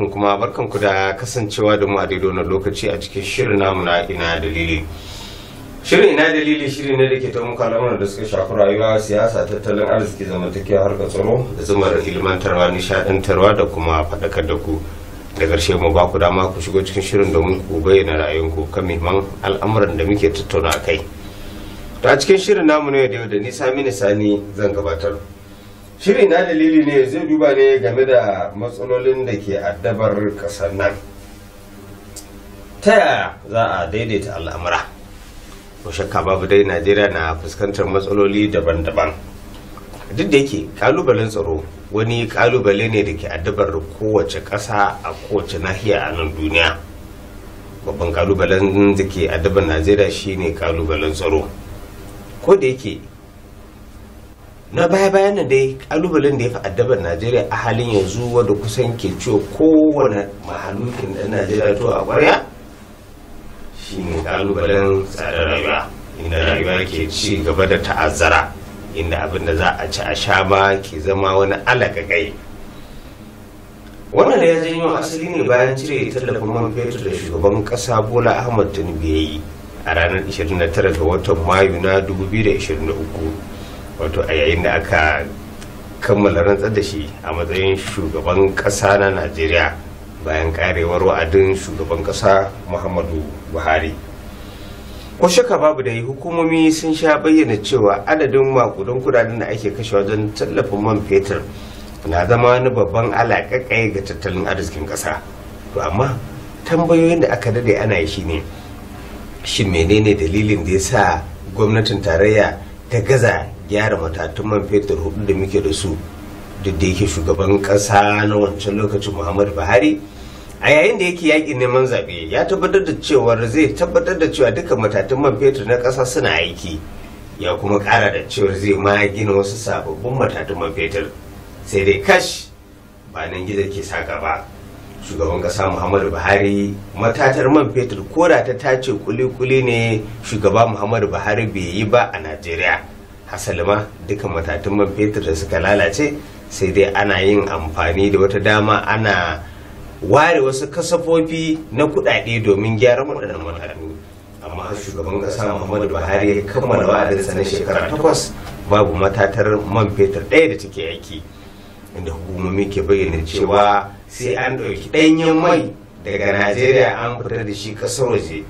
alaikum kuma ku da kasancewa da mu a daidai wannan lokaci a cikin shirin namu na ina dalili shirin ina dalili shiri ne da ke ta muka lamuran da suka shafi rayuwa siyasa tattalin arziki zamantakewa harkar tsaro da zumar ilmantarwa nishadantarwa da kuma faɗakar da ku da karshe mu ba ku dama ku shigo cikin shirin domin ku bayyana ra'ayinku kan muhimman al'amuran da muke tattauna kai ta cikin shirin namu ne da yau da ni sami sani zan gabatar shirin na dalili ne zai duba ne game da matsalolin da ke addabar kasar nan ta yaya za a daidaita al'amura ko shakka babu dai najeriya na fuskantar matsaloli daban-daban duk da yake kalubalen tsaro wani kalubale ne da ke addabar kowace ƙasa a kowace nahiya a nan duniya babban kalubalen da ke addabar najeriya shine kalubalen tsaro ko da yake na baya bayan nan dai kalubalen da ya fi addabar najeriya a halin yanzu wadda kusan ke ciwo kowane mahalukin da najeriya to a kwarya ne kalubalen tsadar rayuwa inda rayuwa ke ci gaba da ta'azzara inda abin da za a ci a sha ba ke zama wani alagagai wannan da ya janyo asali ne bayan cire tallafin man fetur da shugaban kasa bola ahmad tinubu ya yi a ranar 29 ga watan mayu na 2023 wato a yayin da aka kammala rantsar da shi a matsayin shugaban ƙasa na najeriya bayan karewar wa'adin shugaban ƙasa muhammadu buhari ko shaka babu da yi hukumomi sun sha bayyana cewa adadin makudan kudaden da ake kashe wajen tallafin man fetur na zama wani babban alaƙaƙai ga tattalin arzikin ƙasa to amma tambayoyin da aka dade ana yi shine shin menene dalilin da ya sa gwamnatin tarayya ta gaza gyara matatun man fetur hudu da muke da su duk da yake shugaban kasa na wancan lokacin muhammadu buhari a yayin da yake yaƙi neman zaɓe ya tabbatar da cewa zai tabbatar da cewa dukkan matatun man fetur na ƙasa suna aiki ya kuma ƙara da cewar zai ma gina wasu sababbin matatun man fetur sai dai kash ba nan gida ke saka ba shugaban ƙasa muhammadu buhari matatar man fetur ko da ta tace kuli-kuli ne shugaba muhammadu buhari bai yi ba a najeriya hasalima duka matatun man fetur da suka lalace sai dai ana yin amfani da wata dama ana ware wasu kasafofi na kudade domin gyara waɗannan matatu amma har shugaban kasa muhammadu buhari ya kammala wa'adinsa na shekara takwas babu matatar man fetur ɗaya da take aiki inda hukumomi ke bayyana cewa sai an ɗauki ɗanyen mai daga najeriya an fitar da shi ƙasar waje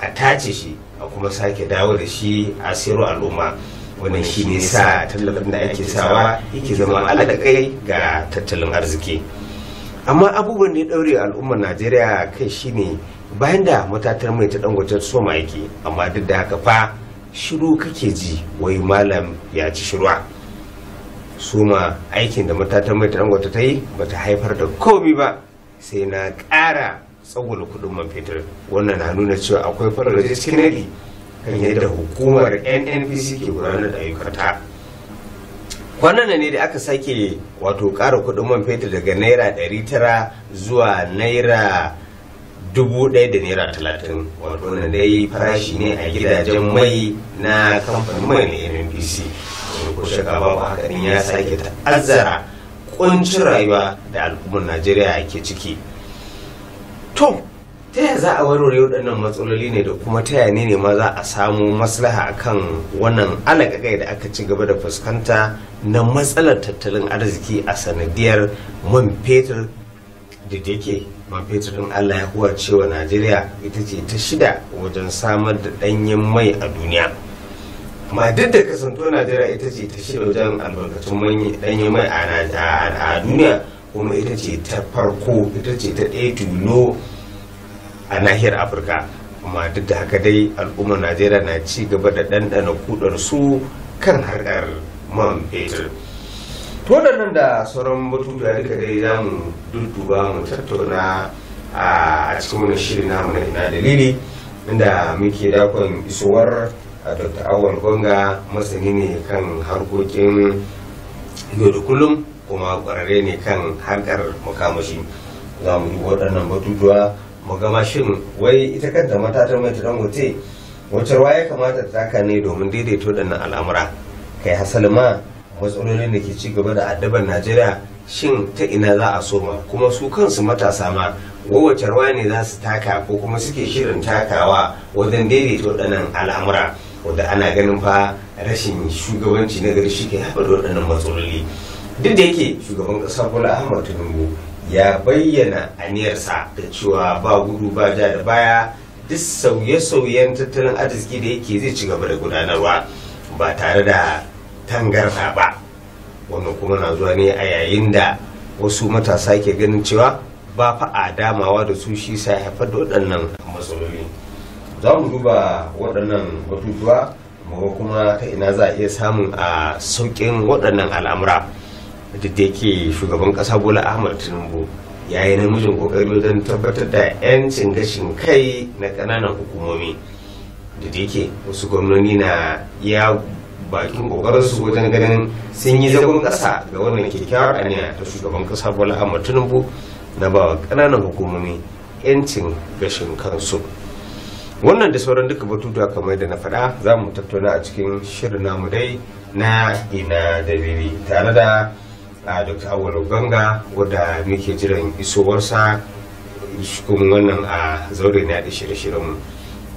a tace shi a kuma sake dawo da shi a siro al'umma wannan shi ne sa tallafin da ake sawa yake zama kai ga tattalin arziki amma abubuwan da ya ɗaure al'ummar najeriya kai shine bayan da matatar mai ta dangoten soma yake amma duk da haka fa shiru kake ji wai malam ya ci shirwa soma aikin da matatar mai ta dangote ta yi ba ta haifar da komi ba sai na ƙara tsawon kuɗin man fetur wannan na nuna cewa akwai farar cikin kan yadda hukumar nnpc ke gudanar da ayyukanta kwanan ne da aka sake wato ƙara kuɗin man fetur daga naira 900 zuwa naira dubu ɗaya da naira talatin wato wanda dai farashi ne a gidajen mai na kamfanin mai na nnpc ko shaka ba hakanin ya sake ta'azzara kuncin rayuwa da al'ummar najeriya ke ciki to ta yaya za a warware waɗannan matsaloli ne da kuma ta yaya ne ma za a samu maslaha akan wannan alaƙaƙai da aka ci gaba da fuskanta na matsalar tattalin arziki a sanadiyar man fetur da dake man fetur ɗin allah ya huwa cewa najeriya ita ce ta shida wajen samar da ɗanyen mai a duniya amma duk da kasanto najeriya ita ce ta shida wajen albarkatun ɗanyen mai a duniya kuma ita ce ta farko ita ce ta ɗaya tuno a nahiyar afirka amma duk da haka dai al'ummar najeriya na ci gaba da ɗanɗana kudar su kan harkar man fetur to nan da sauran batutuwa duka dai za mu dudduba mu tattauna a cikin wani shirin namu na ina dalili inda muke dakon isowar dr awon gonga masani ne kan harkokin yau da kullum kuma kwararre ne kan harkar makamashi za mu yi waɗannan batutuwa mu gama shin wai ita kanta matatar mai ta wuce wacce ruwa ya kamata ta taka ne domin daidaito da na al'amura kai ma matsalolin da ke ci gaba da addabar najeriya shin ta ina za a so ma kuma su kansu matasa ma wacce ruwa ne za su taka ko kuma suke shirin takawa wajen daidaito da nan al'amura wadda ana ganin fa rashin shugabanci na gari shi ke haifar da waɗannan matsaloli duk da yake shugaban ƙasar bola ahmad tinubu ya bayyana aniyarsa da cewa ba gudu ba ja da baya duk sauye-sauyen tattalin arziki da yake zai ci gaba da gudanarwa ba tare da tangarfa ba wannan kuma na zuwa ne a yayin da wasu matasa ke ganin cewa ba fa a damawa da su shi sa haifar da waɗannan matsaloli za mu duba waɗannan batutuwa kuma ta ina za a iya samun a sauƙin waɗannan al'amura. duk da yake shugaban kasa bola ahmad tinubu ya yi namijin kokari wajen tabbatar da 'yancin gashin kai na kananan hukumomi da da yake wasu gwamnoni na ya bakin kokarinsu wajen ganin sun yi zagon kasa ga wannan kyakkyawar aniya ta shugaban kasa bola ahmad tinubu na ba kananan hukumomi 'yancin gashin kansu wannan da sauran duka batutuwa kamar da na faɗa za mu tattauna a cikin shirin namu dai na ina dalili tare da a ah, dr awal banga wadda muke jiran isowarsa kuma wannan a zaure na da shirye mu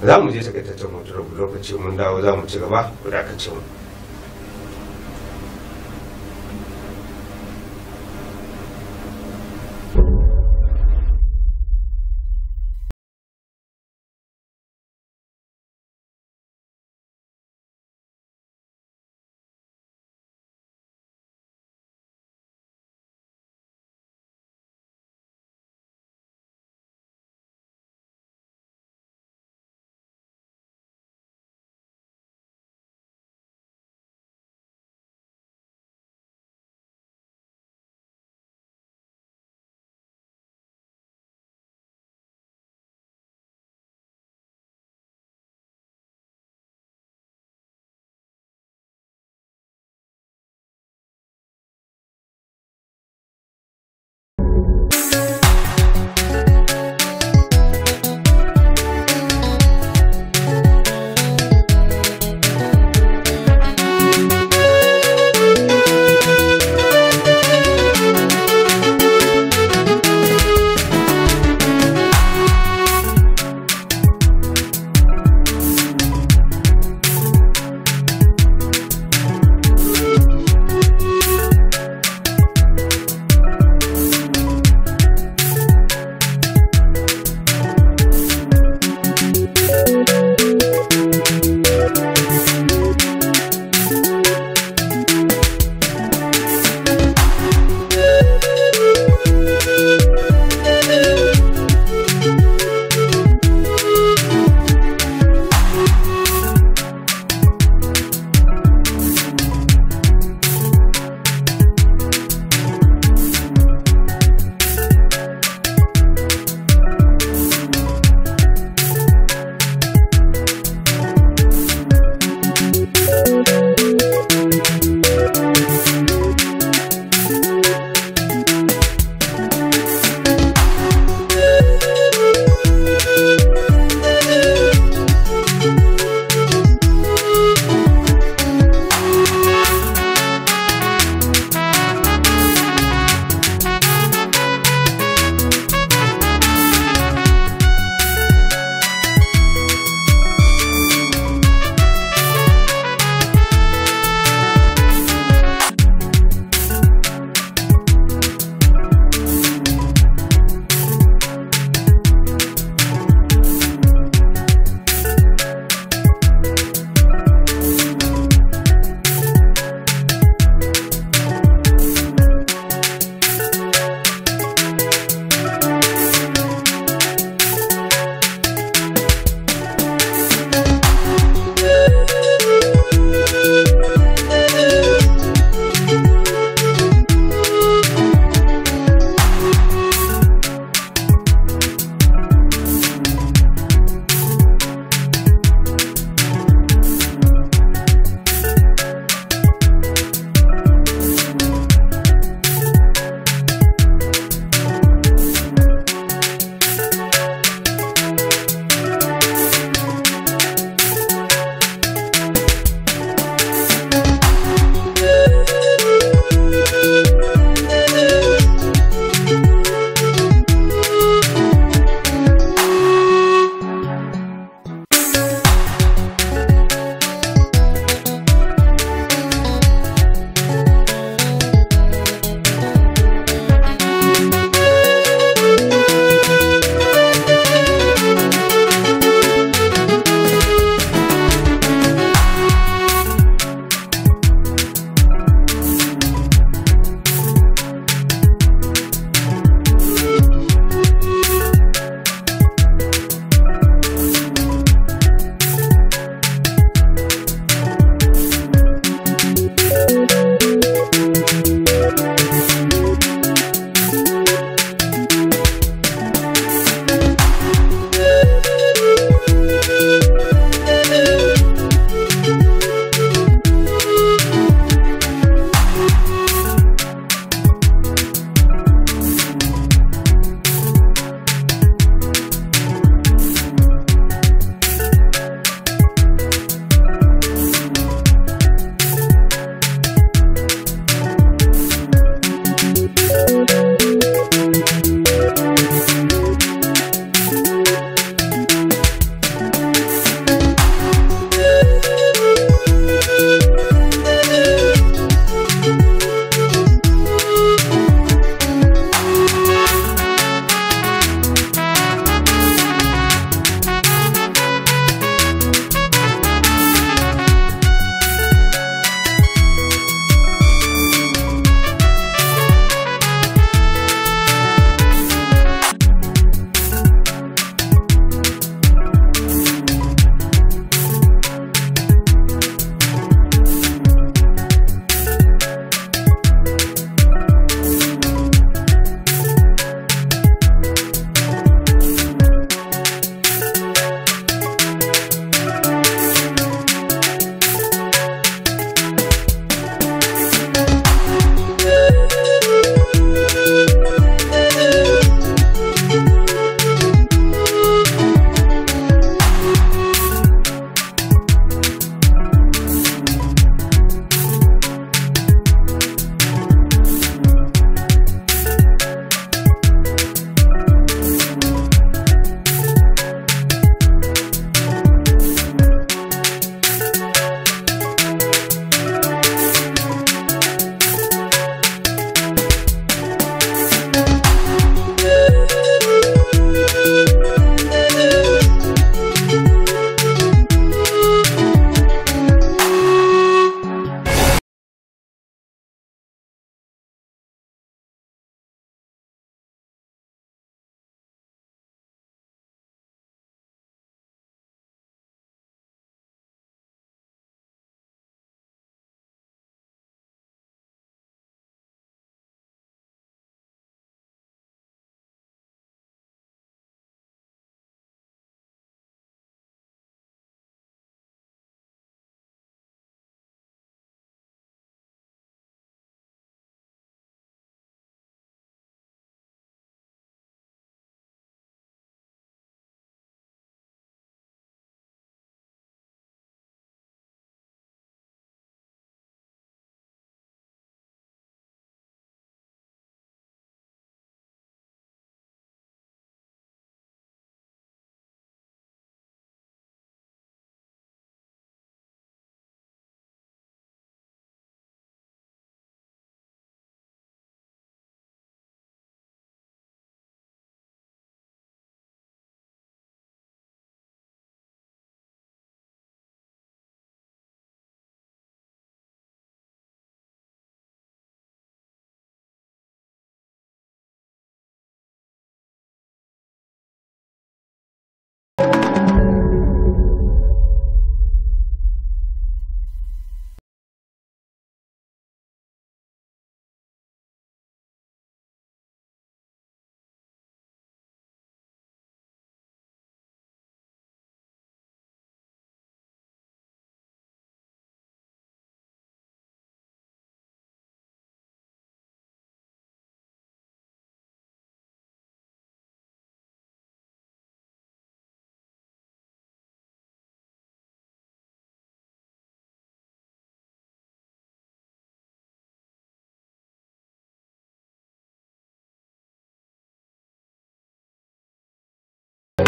za mu je takaitaccen hutu lokaci mun dawo za mu ci gaba da mu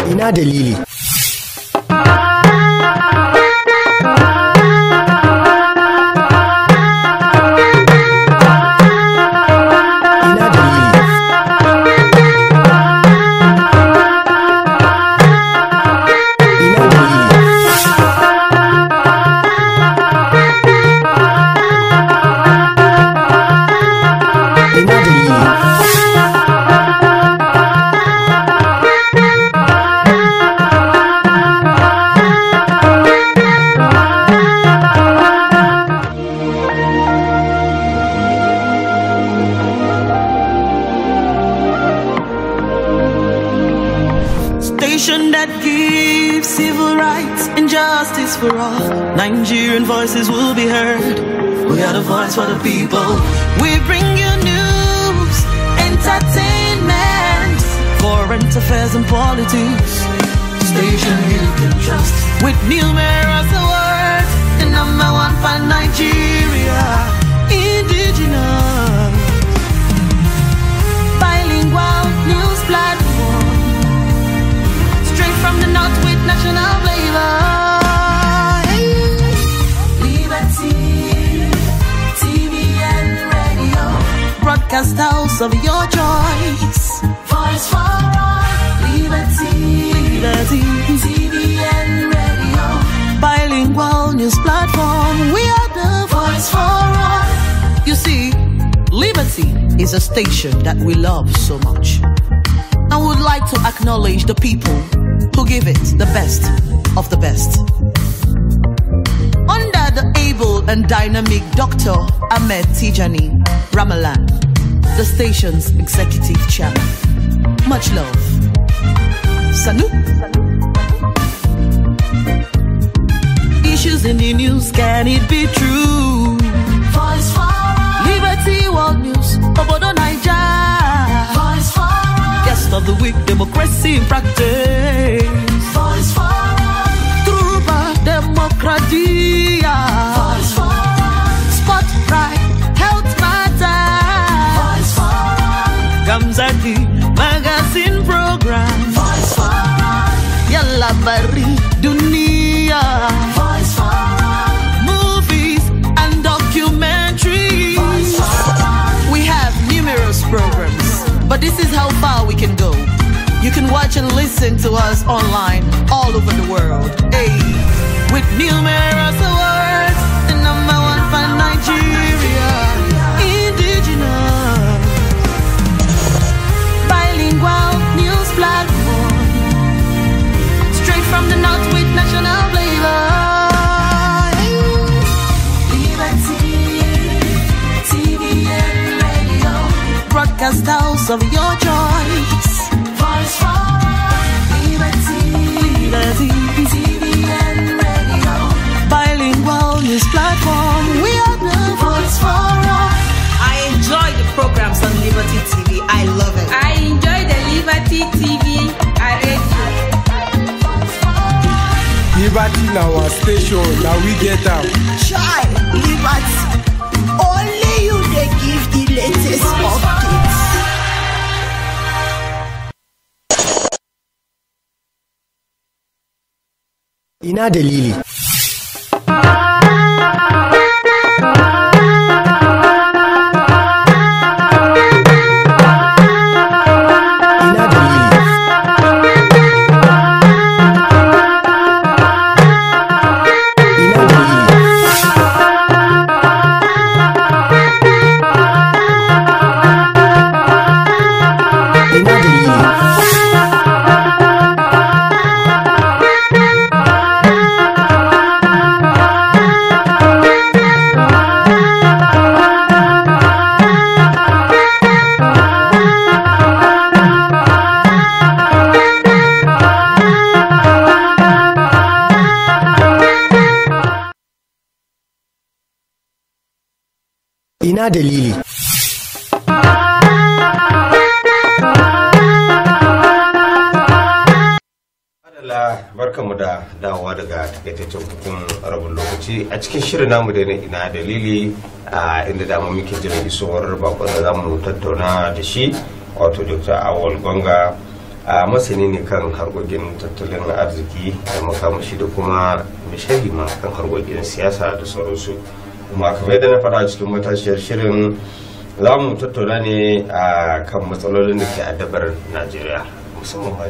ina dalili with news. is a station that we love so much. I would like to acknowledge the people who give it the best of the best. Under the able and dynamic Dr. Ahmed Tijani Ramalan, the station's executive chairman. Much love. Sanu. Issues in the news, can it be true? obodo Naija. Voice for us. Guest of the week, democracy in practice. Voice for us. Truba democracy. Voice for us. Spotlight, health matter. Voice for us. Gamzaki magazine program. Voice for us. Yalla Bari. This is how far we can go. You can watch and listen to us online all over the world. Hey, with numerous awards, the number one fan Nigeria, indigenous, bilingual news platform, straight from the north with national flavor. Liberty, and Radio, broadcast house of your liberty na our station na we get am. chai liberty only you dey give the latest update. Ina dalili. dalili. barka mu da dawowa daga takaitaccen hukun rabin lokaci a cikin shirin namu da ina dalili a inda dama muke jira isowar bakon da zamu tattauna da shi wato dr awal gonga a masani ne kan harkokin tattalin arziki da makamashi da kuma mishari ma kan harkokin siyasa da sauransu makamai kamar yadda na faɗa cikin matashiyar shirin za mu tattauna ne a kan matsalolin da ke addabar najeriya musamman ma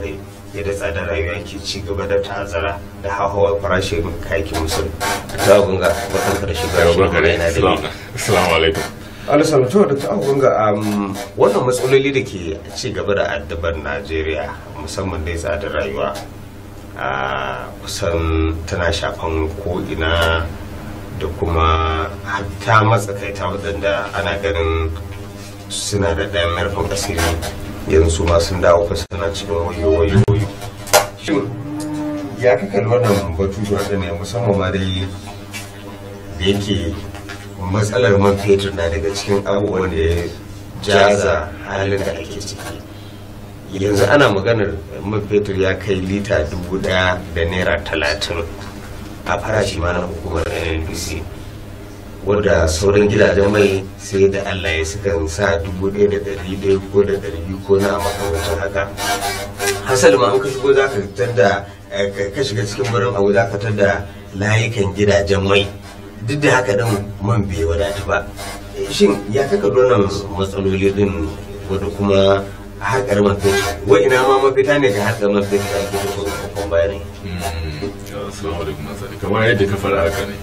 yadda tsadar rayuwa ke ci gaba da ta'azzara da hauhawar farashin kayakin musulmi ta gunga barkan karshe shiga shi mai na da yi. alaikum alisala da ta gunga um, wannan matsaloli da ke ci gaba da adabar najeriya musamman dai tsadar rayuwa kusan tana shafan ko ina da kuma hatta matsakaita waɗanda ana ganin suna da ɗayan marfin asiri yanzu ma sun dawo ka suna cikin wayo wayo wayo shin ya ka kalli wannan da waɗanda ne musamman ma da yake matsalar man fetur na daga cikin abubuwan da ya jaza halin da ake ciki yanzu ana maganar man fetur ya kai lita dubu ɗaya da naira talatin a farashi ma na hukumar nnpc wadda sauran gidajen mai sai da allah ya suka sa dubu ɗaya da ɗari ɗaya ko da ɗari biyu ko na makamancin haka hasali ma an ka shigo za ka fitar da eh, ka shiga cikin birnin abu za ka fitar da layukan gidajen mai duk da haka ɗan man bai wadatu ba eh, shin ya kaka donan matsaloli ɗin wadda kuma harkar mafita wa'ina ma mafita ne ga harkar mafita da ake da kuma bayanai? assalamu alaikum asali kamar yadda ka fara haka ne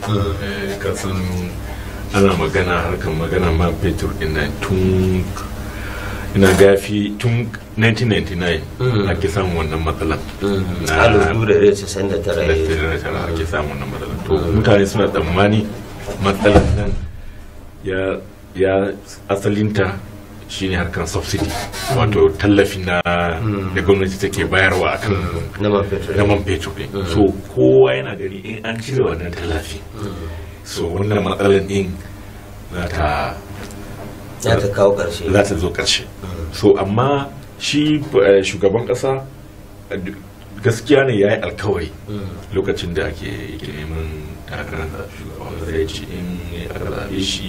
eh, ka san ana magana harkar magana man fetur ina tun ina gafi tun 1999 mm. ake samun wannan matsalan mm. a lura da ake samun wannan matsalan to mm. mutane suna tsammani matsalan nan ya asalinta shine harkar subsidy wato tallafi na da gwamnati take bayarwa akan kan Naman fetur ne mm. so kowa yana gari in an cire wannan tallafi mm. so wannan matsalar din za ta kawo karshe. za ta zo karshe. Mm. so amma shi eh, shugaban kasa eh, gaskiya ne ya yi alkawari lokacin da ake neman takarar da shugaban zai ci in aka zaɓe shi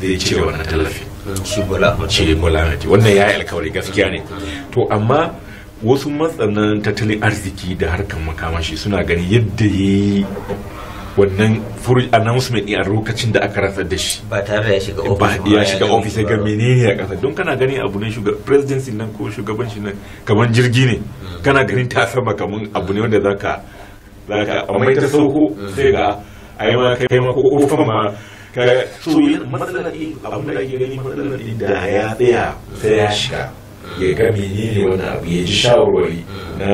zai cire wannan tallafi shi bola ce bola mati wannan ya yi alkawari gaskiya ne to amma wasu matsanan tattalin arziki da harkar makamashi suna ganin yadda ya yi wannan furuj announcement a lokacin da aka rantsar da shi ba tare da ya shiga ofis ba ya shiga ofis ga menene a kasa don kana gani abu ne shugaban presidency nan ko shugabanci nan kamar jirgi ne hmm. kana ganin ta sama kaman abu ne wanda zaka zaka amma ta sauko hmm. sai ga a yi maka kai ma ko ofan ma ka. so matsalar abin da ake gani matsalar da ya tsaya ta ya shiga ya ga menene wani abu ya ji shawarwari na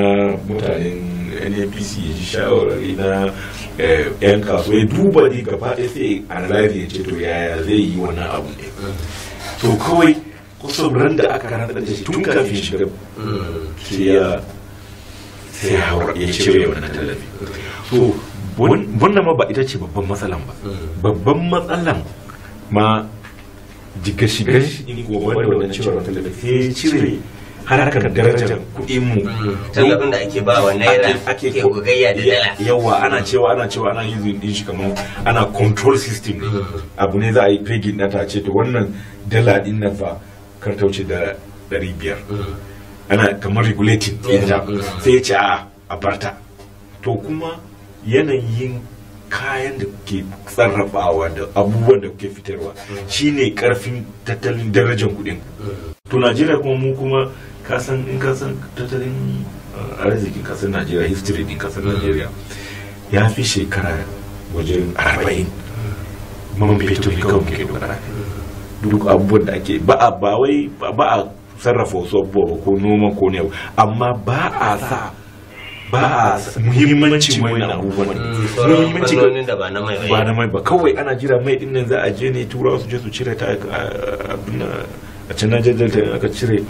mutanen nnpc ya ji shawarwari na yan eh, kasuwa ya duba ne gaba ɗaya sai analyze ya ce to yaya zai yi wannan abu ne to kawai kusan ran da aka rantsar da shi tun kafin shiga mm. sai ya sai ya cire na tallafi wannan ba ita ce babban matsalan ba mm. babban matsalan ma jiga shigar ko eh, wanda wannan ciwon talabijin cire harkar darajar kuɗin mu tallafin mm. da ake ba wa naira ake gogayya da dala yawa ana cewa ana cewa ana yin din shi kamar ana control system ne mm. abu ne za a yi pegging na ta ce to wannan dala din nan fa kar ta wuce da ɗari biyar ana kamar regulating ɗin sai ya ce a barta to kuma yanayin kayan da ke sarrafawa da abubuwan da ke fitarwa shine karfin tattalin darajar kudin to najeriya kuma mu kuma kasan in kasan tattalin uh, arzikin kasar najeriya history din kasar najeriya ya fi shekara wajen arba'in man fetur ne kawai ke dogara duk abubuwan da ake ba a ba wai ba a sarrafa wasu abubuwa ko noma ko ne amma ba a sa ba a mm, mai na abubuwan ne da ba na mai ba kawai ana jira mai din nan za a je ne turawa su je su cire ta abin a can nan ta aka cire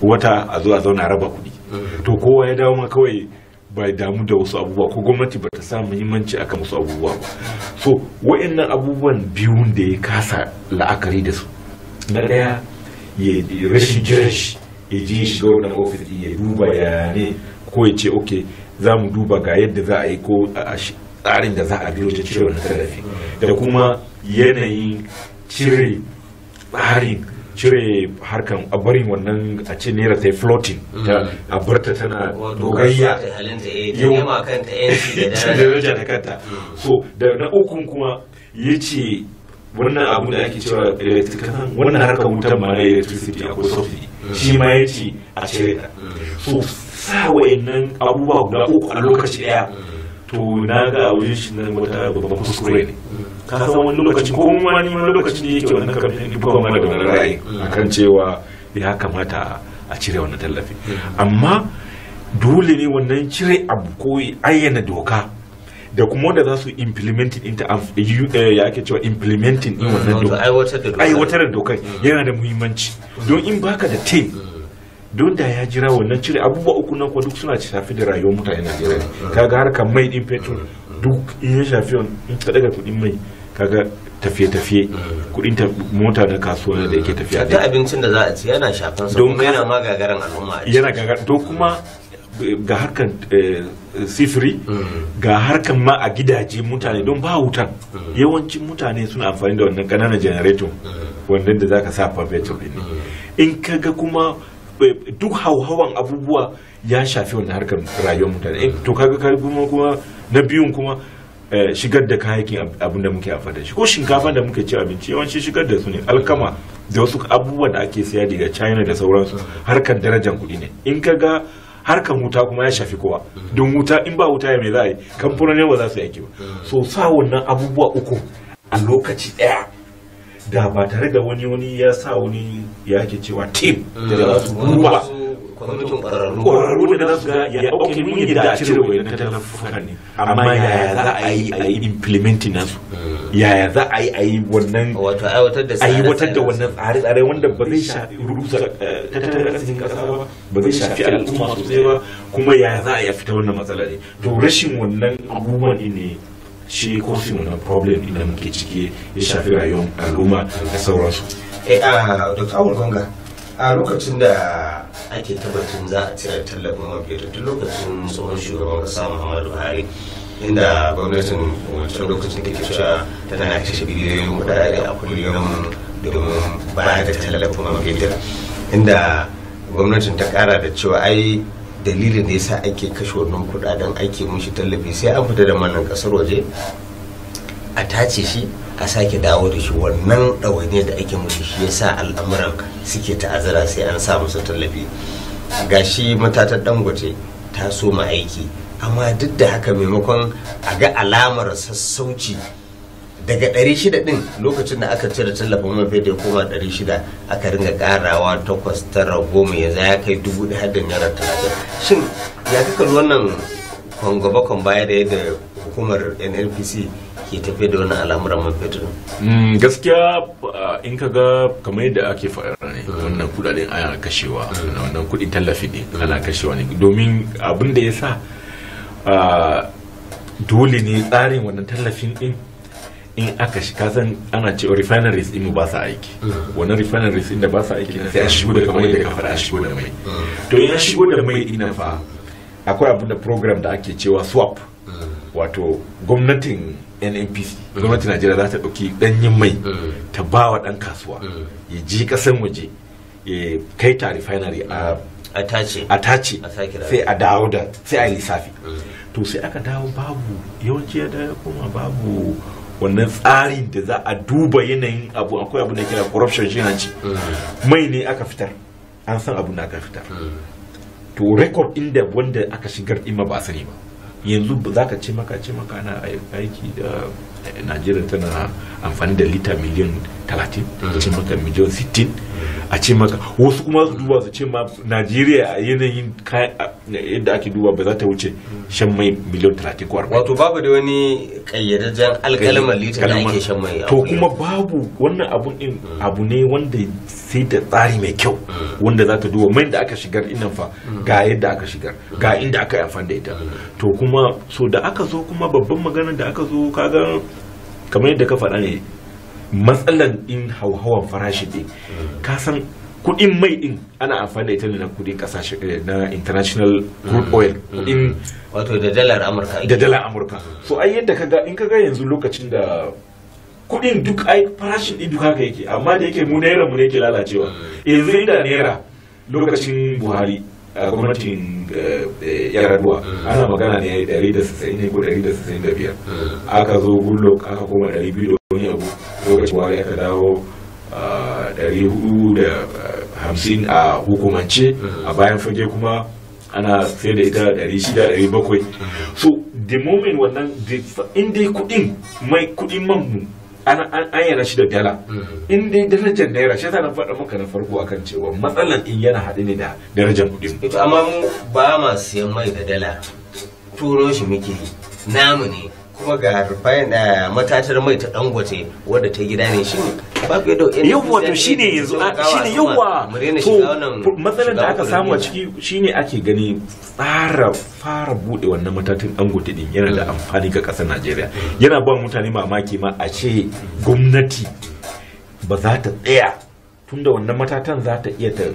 wata a zo a zauna raba kuɗi mm. to kowa ya dawo ma kawai bai damu da wasu abubuwa ko gwamnati ba ta sa muhimmanci akan wasu abubuwa ba so wa'annan abubuwan biyu da ya kasa la'akari da su na ɗaya ya rashin jiran shi ya je shiga wannan ofis ya duba ya ne ko ya ce ok za mu duba ga yadda za a yi ko tsarin da za a biyo ta cire wani tarafi da kuma yanayin cire tsarin cire harkan a barin wannan a ce naira ta yi floating hmm. a barta tana dogayya eh, yau eh, da daraja da kanta hmm. so da na ukun kuma ya ce wannan abu da ake cewa electrical wannan harkar wutan ma na electricity akwai subsidy hmm. shi ma ya ce a cire ta so sa wa'annan abubuwa guda uku a lokaci daya to na ga a wajen shi nan wata babban kuskure ne ka san wani lokaci ko kuma wani lokaci ne yake wannan kamfanin ɗin mana da wani ra'ayi akan cewa ya kamata a cire wannan tallafi amma dole ne wannan cire abu ko ayyana doka da kuma wanda za su implementing inta eh, ya ake cewa implementing in wannan mm, doka aiwatar da dokai yana da muhimmanci don in baka da team don da ya jira wannan cire abubuwa uku nan duk suna shafi da rayuwar mutane jira kaga harkar mai din fetur duk in ya shafi in ta daga kuɗin mai kaga tafiye-tafiye kudin mota da kasuwa da yake tafiya ta abincin da za a ci yana shafan sa kuma yana ma gagarin al'umma yana gagar to kuma ga harkar eh, sifiri ga harkar ma a gidaje mutane don ba wutan yawancin mutane suna amfani da wannan kananan janareto wanda da ka sa fafetur ɗin in kaga kuma duk hauhawan abubuwa ya shafi wannan harkar rayuwar mutane eh, to kaga kuma kuma na biyun kuma eh, shigar da kayakin abin da muke amfani da shi ko shinkafa da muke ci abinci yawanci shigar da su ne alkama da wasu abubuwa da ake saya daga china da sauransu harkar darajar kuɗi ne in ka ga harkar wuta kuma ya shafi kowa don wuta in ba wuta ya mai za a yi kamfanonin ba za su yi aiki ba so sa wannan abubuwa uku a lokaci ɗaya da ba tare da wani wani ya sa wani ya ake cewa tim mm. da za su ba. kwararru da za su ga ya auke mun yi da a cire wa yadda talafuka ne amma yaya za a yi a yi implementing nasu mm. yaya za a yi a yi wannan aiwatar da wannan tsare-tsare wanda ba zai shafi rusa eh, eh, tattalin arzikin kasa ba ba zai shafi al'umma sosai ba kuma yaya za a yi a fita wannan matsala ne to rashin wannan abubuwan ne shi kofin wannan problem din da muke ciki ya shafi rayuwar al'umma da sauransu eh ah, a dr awul gonga a lokacin da ake tabbatin za a cire tallafin man fetur duk lokacin tsohon shugaban kasa muhammadu buhari inda gwamnatin wancan lokacin da ke cewa tana kashe biliyoyin kudade a kullum domin bayar da tallafin man fetur inda gwamnatin ta kara da cewa ai dalilin da yasa ake kashe wannan kudaden ake mushi tallafi sai an fita da manan kasar waje a tace shi a sake dawo da shi wannan ɗawainiyar da ake mushi shi ya sa al'amuran suke ta'azara sai an sa musu tallafi ga shi matatar dangote ta soma aiki amma duk da haka maimakon a ga alamar sassauci daga 600 din lokacin da aka cire tallafin man fetur koma 600 aka ringa karawa takwas tara goma yanzu ya kai dubu da hadin naira talatin shin ya kaka wannan kwangwabakon baya da yadda hukumar nnpc ke tafiya da wani al'amuran man fetur mm, gaskiya uh, in ka ga kamar yadda ake faɗa ne wannan kudaden ana kashewa mm. wannan kudin tallafi ne ana kashewa ne domin abin da ya sa uh, dole ne tsarin wannan tallafin din in aka shi kasan ana ce refineries din ba sa aiki mm. wani refineries din da ba sa aiki sai a shigo da mai da kafa a shigo da mai mm. to in shigo da mai ina fa akwai abin da program da ake cewa swap mm. wato gwamnatin nnpc gwamnatin najeriya za ta ɗauki ɗanyen mai ta ba wa dan kasuwa ya ji kasan waje ya kai ta refinery a a tace sai a dawo da sai a lissafi to sai aka dawo babu yawanci ya dawo kuma babu wannan tsari da za a duba yanayin abu akwai abu da kira corruption shi hanci mm. mai ne aka fitar an san abu na aka fitar mm. to record da wanda aka shigar din ba sani ba yanzu za ka ce maka ce maka na aiki da eh, najeriya tana amfani da lita miliyan 30 ce maka miliyan 60 a ce maka wasu kuma su duba su ce ma najeriya a yanayin yadda ake duba ba za ta wuce shan mai miliyan 30 ko wato babu da wani kayyadajen alkalman litar da ake shan mai to kuma babu wannan abun din abu ne wanda sai da tsari mai kyau wanda za ta duba mai da aka shigar inan fa ga yadda aka shigar ga inda aka yi amfani da ita to kuma so da aka zo kuma babban magana da aka zo kaga kamar yadda ka faɗa ne matsalan in hauhawan farashi din ka san kudin mai din ana amfani da ita ne na kudi kasashe eh, na international crude mm. oil kudin mm. wato da dalar amurka da dalar amurka so ai yadda kaga in kaga yanzu lokacin da kudin duk ai farashin din duk haka yake amma da yake mu naira mu ne ke lalacewa mm. yanzu inda naira lokacin buhari gwamnatin eh, eh, yaraduwa mm. ana magana ne da 190 ne ko da da biyar. Mm. aka zo gullo aka koma da wani abu lokacin wari aka dawo da eh, hamsin a hukumance mm. a bayan fage kuma ana sai da ita shida dari bakwai. so the moment wannan in dai kudin mai kudin man mu an yana shi da dala mm-hmm. in dai darajar naira shi na faɗa maka na farko akan cewa matsalan in yana haɗu ne da darajar kuɗi amma mu ba ma siyan mai da dala turo shi muke namu ne kuma ga rufayin matatar mai ta dangote wadda ta gida ne shi babu yadda in to shine yanzu shine to matsalar da aka samu a ciki shine ake gani tsara fara bude wannan matatin dangote din yana da amfani ga kasar Najeriya yana ba mutane mamaki ma a ce gwamnati ba za ta tsaya tunda wannan matatan za ta iya ta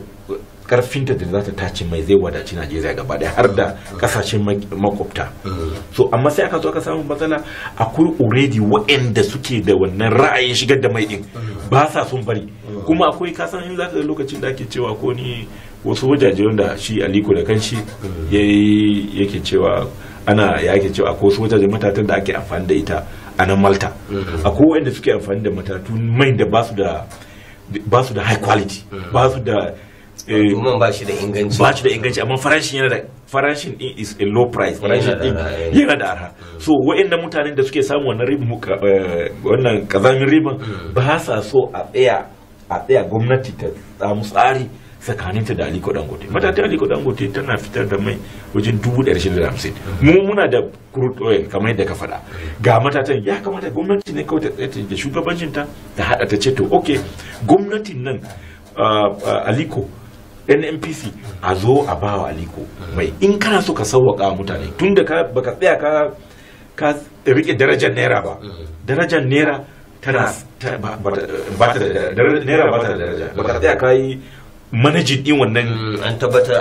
karfin da za ta tace mai zai wadaci najeriya gaba daya har da kasashen makwabta so amma sai aka zo aka samu matsala akwai already waɗanda suke da wannan ra'ayin shigar da mai din ba sa sun bari kuma akwai kasan in zaka lokacin da ake cewa ko ni wasu wajaje wanda shi aliko da kanshi yake cewa ana ya ake cewa akwai wasu wajaje matatan da ake amfani da ita a nan malta akwai waɗanda suke amfani da matatu mai da ba su da ba su da high quality ba su da Eh, man ba shi da inganci ba shi da inganci amma farashin yana da farashin din is a low price farashin din yana da arha eh. mm. so wa'anda mutanen da suke samu wannan ribin eh, wannan kazamin ribin mm. ba sa so a tsaya a tsaya gwamnati ta samu tsari tsakaninta da aliko dangote matatan aliko dangote tana fitar da mai wajen dubu ɗari shida da hamsin mm. mu muna da crude oil kamar yadda ka faɗa ga matatan ya kamata gwamnati ne kawai ta tsaye da shugabancinta ta haɗa ta ce to ok gwamnatin nan ah, ah, aliko NNPC a zo a ba wa Aliko mai in kana so ka sauwaka mutane tun da baka tsaya ka ka rike darajar naira ba darajar naira tana ba ta da naira ba ta da daraja baka tsaya ka yi manajin din wannan mm, an tabbatar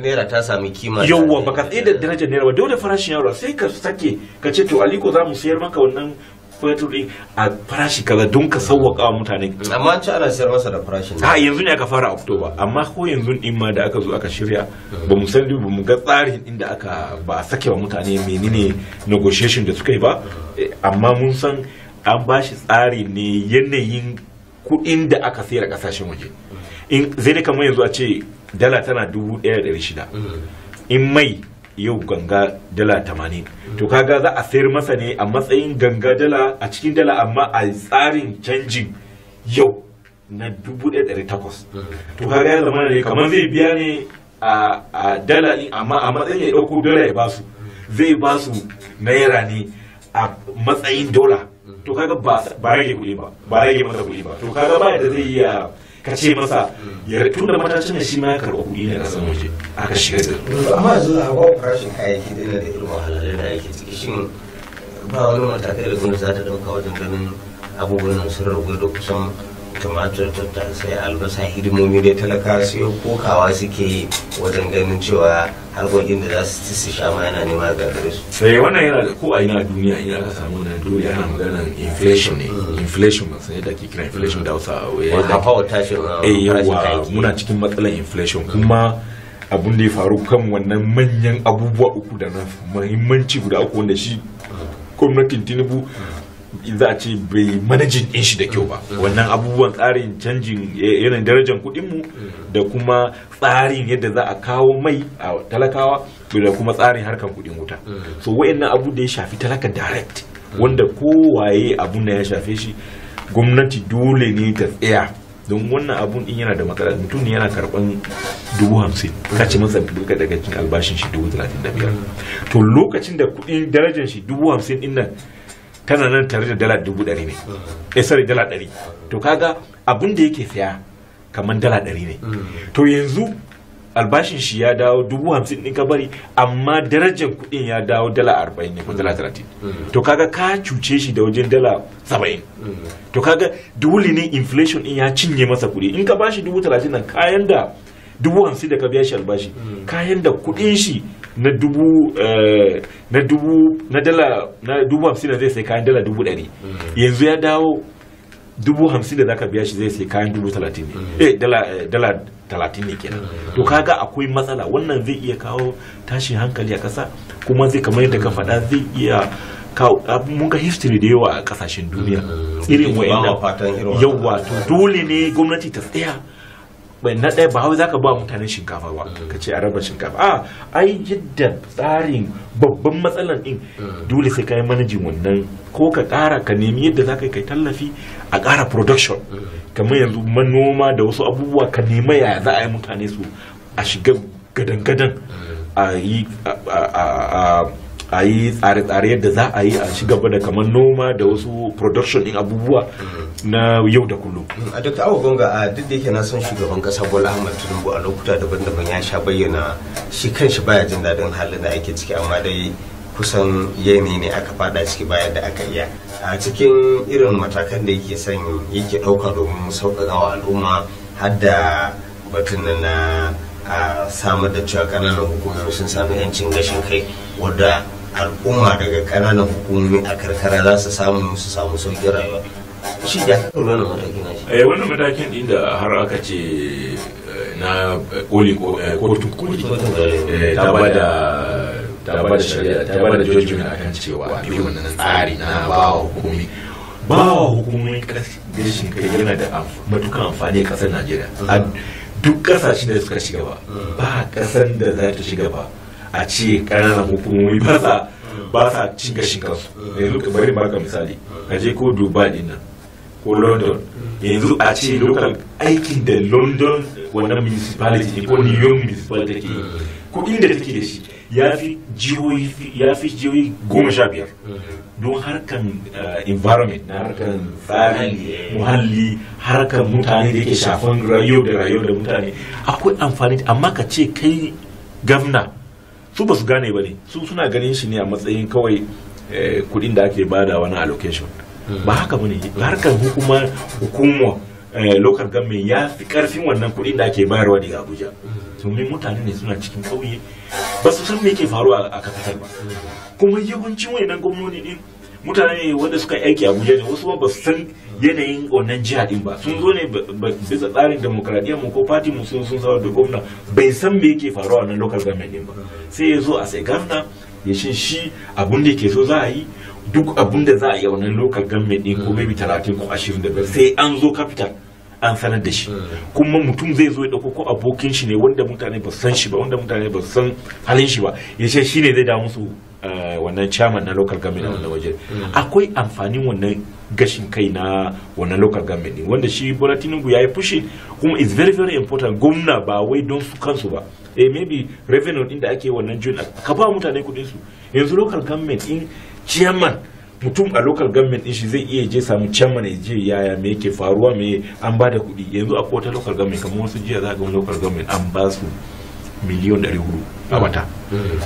naira ta sami kima yawwa baka tsaye da darajar naira ba dole farashin yaro sai ka sake ka ce to aliko za mu sayar maka wannan fetur a farashi kaza don ka sauwaka wa mutane amma an ci ana siyar masa da farashi. Ha yanzu ne aka fara oktoba amma ko yanzu din ma da aka zo aka shirya ba mu san ba mu ga tsarin inda aka ba a sake wa mutane menene negotiation da suka yi ba eh, amma mun san an ba shi tsari ne yanayin kuɗin da aka sayar a kasashen waje in zai ne kamar yanzu a ce dala tana dubu ɗaya da shida mm. in mai yau ganga dala tamanin to kaga za a sayar masa ne a matsayin ganga dala a cikin dala amma a tsarin canjin yau na dubu ɗaya takwas to kaga ya zama ne kamar zai biya ne a dala ne amma a matsayin ya ɗauko dala ya basu zai basu naira ne a matsayin dola to kaga ba rage kuɗi ba ba rage masa kuɗi ba to kaga ba da zai yi ka ce masa ya tun da matacin da shi ma ya karɓi kuɗi ne kasan waje aka shiga da amma yanzu a hawa farashin kayayyaki da da irin wahalar da ake ciki shin ba wani matakai da gwamnati za ta ɗauka wajen ganin abubuwan sun ragu da kusan tumatur tattasai albasa hidimomi da talaka sai kokawa suke yi wajen ganin cewa harkokin da za su ci su sha ma yana nema ga gare su. sai eh, wannan yana da ko a na duniya in aka samu na dole ana magana inflation ne mm. inflation ba sai da ke kira inflation da hausa ya da wata shi eh yawa eh, muna cikin matsalar inflation kuma abun da ya faru kan wannan manyan abubuwa uku da na muhimmanci guda uku wanda shi gwamnatin tinubu mm. za a ce bai manajin ɗin shi da kyau ba wannan abubuwan tsarin canjin eh, yanayin darajar kuɗin da kuma tsarin yadda za a kawo mai a talakawa da kuma tsarin harkar kuɗin wuta so wayannan abu da ya shafi talaka direct wanda kowaye abun na ya shafe shi gwamnati dole ne ta tsaya don wannan abun din yana da matsala mutum ne yana karban dubu hamsin ka ce masa duka daga cikin albashin shi dubu talatin da biyar to lokacin da kuɗin darajar shi dubu hamsin din nan tana nan tare da dala dubu ɗari ne ya eh, sorry dala ɗari to kaga abin da yake saya kamar dala ɗari ne hmm. to yanzu albashin shi ya dawo dubu hamsin ɗin ka bari amma darajar kuɗin ya dawo dala arba'in ne ko dala hmm. talatin hmm. to kaga ka cuce shi da wajen dala saba'in to kaga dole ne inflation ɗin ya cinye masa kuɗi in ka bashi dubu talatin nan kayan da dubu hamsin da ka biya shi albashi kayan da kuɗin shi na dubu eh, na dubu na dala na dubu hamsin da zai sai kayan dala dubu ɗari mm. yanzu ya dawo dubu hamsin da ka biya shi zai sai kayan dubu talatin ne mm. eh, eh dala talatin ne kenan mm. to kaga akwai matsala wannan zai iya kawo tashin hankali a ƙasa kuma zai kamar yadda ka faɗa zai iya kawo mun ga history da yawa a ƙasashen duniya irin wa'annan yawa to dole ne gwamnati ta tsaya bai na ɗaya ba za ka ba mutanen shinkafa ba ka ce a raba shinkafa a ai yadda tsarin babban matsalan din mm. dole sai ka yi manajin wannan ko ka ƙara ka nemi yadda za ka kai tallafi a ƙara production mm. kamar yanzu manoma da wasu abubuwa ka nema ya za a yi mutane su a shiga gadan-gadan mm. a yi a yi tsare-tsare yadda za a yi a ci gaba da kamar noma da wasu production din abubuwa na yau da kullum. Mm, a dr awa gonga a duk da yake na son shugaban kasa bola ahmad tinubu a lokuta daban-daban ya sha bayyana shi kan shi baya jin daɗin halin da ake ciki amma dai kusan yanayi ne aka fada ciki bayan da aka iya a cikin irin matakan da yake son yake ɗauka domin sauƙaƙawa al'umma har da batun na a samar da cewa ƙananan hukumomi sun sami 'yancin gashin kai wadda al'umma daga ƙananan hukumomi a karkara za su samu su samu sauƙin rayuwa shi da kan wannan matakin na shi eh, wannan matakin din da har aka ce eh, na eh, koli kotun koli ta ba da ta ba da shari'a ta ba judgment akan cewa bi wannan tsari na ba hukumi ba wa hukumomin gashin kai yana da matukan amfani kasar najeriya duk kasashen da suka shiga ba ba kasar da za ta shiga ba a ce ƙananan hukumomi ba sa ba sa cin gashin mm. kansu mm. yanzu ka bari baka misali mm. ka je ko dubai din nan ko london yanzu a ce local aikin da london wannan municipality ne ko new york municipality take yi ko inda take da shi ya fi jihohi ya fi jihohi goma sha biyar don harkan eh, environment na harkan tsarin muhalli harkan mutane da ke shafan rayuwa da rayuwa da mutane akwai amfani amma ka ce kai governor su ba su gane ba ne su suna ganin shi ne a matsayin kawai eh, kudin da ake bada wani allocation ba haka bane harkar hukuma hukumar eh, local government ya fi karfin wannan kudin da ake bayarwa daga abuja domin mutane ne suna cikin kauye ba su san me ke faruwa a kafatar ba kuma yawancin wayannan gwamnoni din mutane ne wanda suka aiki abuja ne wasu ba su san yanayin wannan jiha din ba sun zo ne bisa tsarin demokradiyyar mu ko party mu sun sun da gwamna bai san me yake faruwa nan local government din ba sai ya zo a sai gwamna ya shin shi abun da yake so za a yi duk abun da za a yi wannan local government din ko maybe 30 ko 25 sai an zo capital an sanar da shi kuma mutum zai zo ya dauko ko abokin shi ne wanda mutane ba san shi ba wanda mutane ba san halin shi ba ya ce shi ne zai da musu Eh, wannan chairman na local government a wannan waje mm. akwai amfanin wannan gashin kai na wannan local government wanda shi Bola Tinubu ya yi fushi kuma it's very very important gwamna ba wai don su kansu ba eh maybe revenue din da ake wannan june ka ba mutane kudin su yanzu local government in chairman mutum a local government din shi zai iya je samu chairman ya je yaya me yake faruwa me an ba da kuɗi yanzu a kowace local government kamar wasu jiya za ga local government an ba su miliyon 400 a wata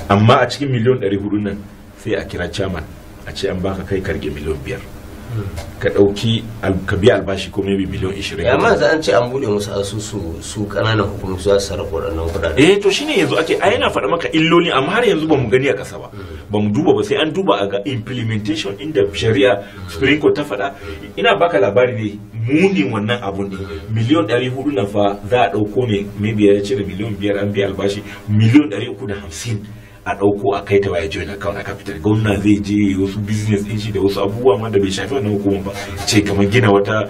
amma a cikin miliyon 400 nan sai a kira chairman a ce an baka kai karge miliyon biyar ka ɗauki ka biya albashi ko maybe miliyan 20 amma yanzu an ce an bude musu asusu su kananan hukumomi su su sarrafa waɗannan kuɗaɗe eh to shine yanzu ake ai yana faɗa maka illoli amma har yanzu bamu gani a ƙasa ba mm-hmm. bamu duba ba sai an duba a ga implementation inda shari'a supreme court ta faɗa ina baka labari ne munin wannan abun ne mm-hmm. miliyan 400 na fa za a ɗauko ne maybe ya cire miliyan 5 an biya albashi miliyan hamsin. a ɗauko a kai ta waya join account a capital gwamna zai je wasu business ɗin shi da wasu abubuwa ma da bai shafi wannan hukumar ba ce kamar gina wata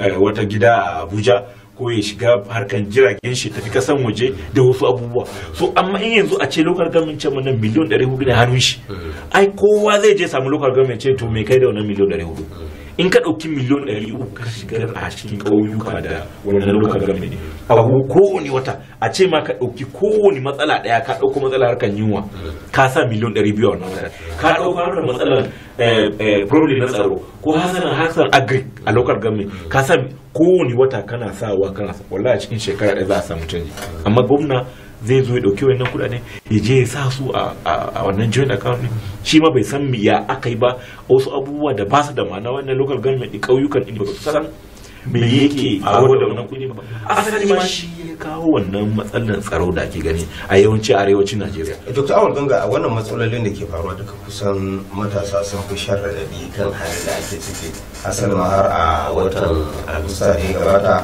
eh, wata gida a abuja ko ya shiga harkan jiragen shi tafi kasan waje da wasu abubuwa so amma in yanzu a ce local government ce mana miliyan 400 ne hannun shi eh. ai kowa zai je samu local government ce to me kai da wannan miliyan 400 in ka ɗauki miliyon ɗari uku ka shigar a cikin ƙauyuka da lokacin local ne. a kowane wata a ce ma ka ɗauki kowane matsala ɗaya ka ɗauko matsalar harkar yunwa ka sa miliyon ɗari biyu a wannan wata ka ɗauko harkar matsalar eh, eh, problem na tsaro ko hasanar hasanar agri a local government ka sa kowane wata kana sawa kana sa wallahi cikin shekara ɗaya za a samu canji amma gwamna zai zo ya dauki wannan kudaden ya je ya sa su a wannan joint account shi ma bai san ya aka yi ba wasu abubuwa da ba su da ma'ana wannan local government kauyukan din ba su san me yake kawo da wannan kudi ba asali ma shi ya kawo wannan matsalar tsaro da ake gani a yawanci arewacin Najeriya eh, Dr. Awal Ganga a wannan matsalolin da ke faruwa duka kusan matasa sun fi sharraɗi kan hali da ake ciki asali ma har a watan Agusta ne gabata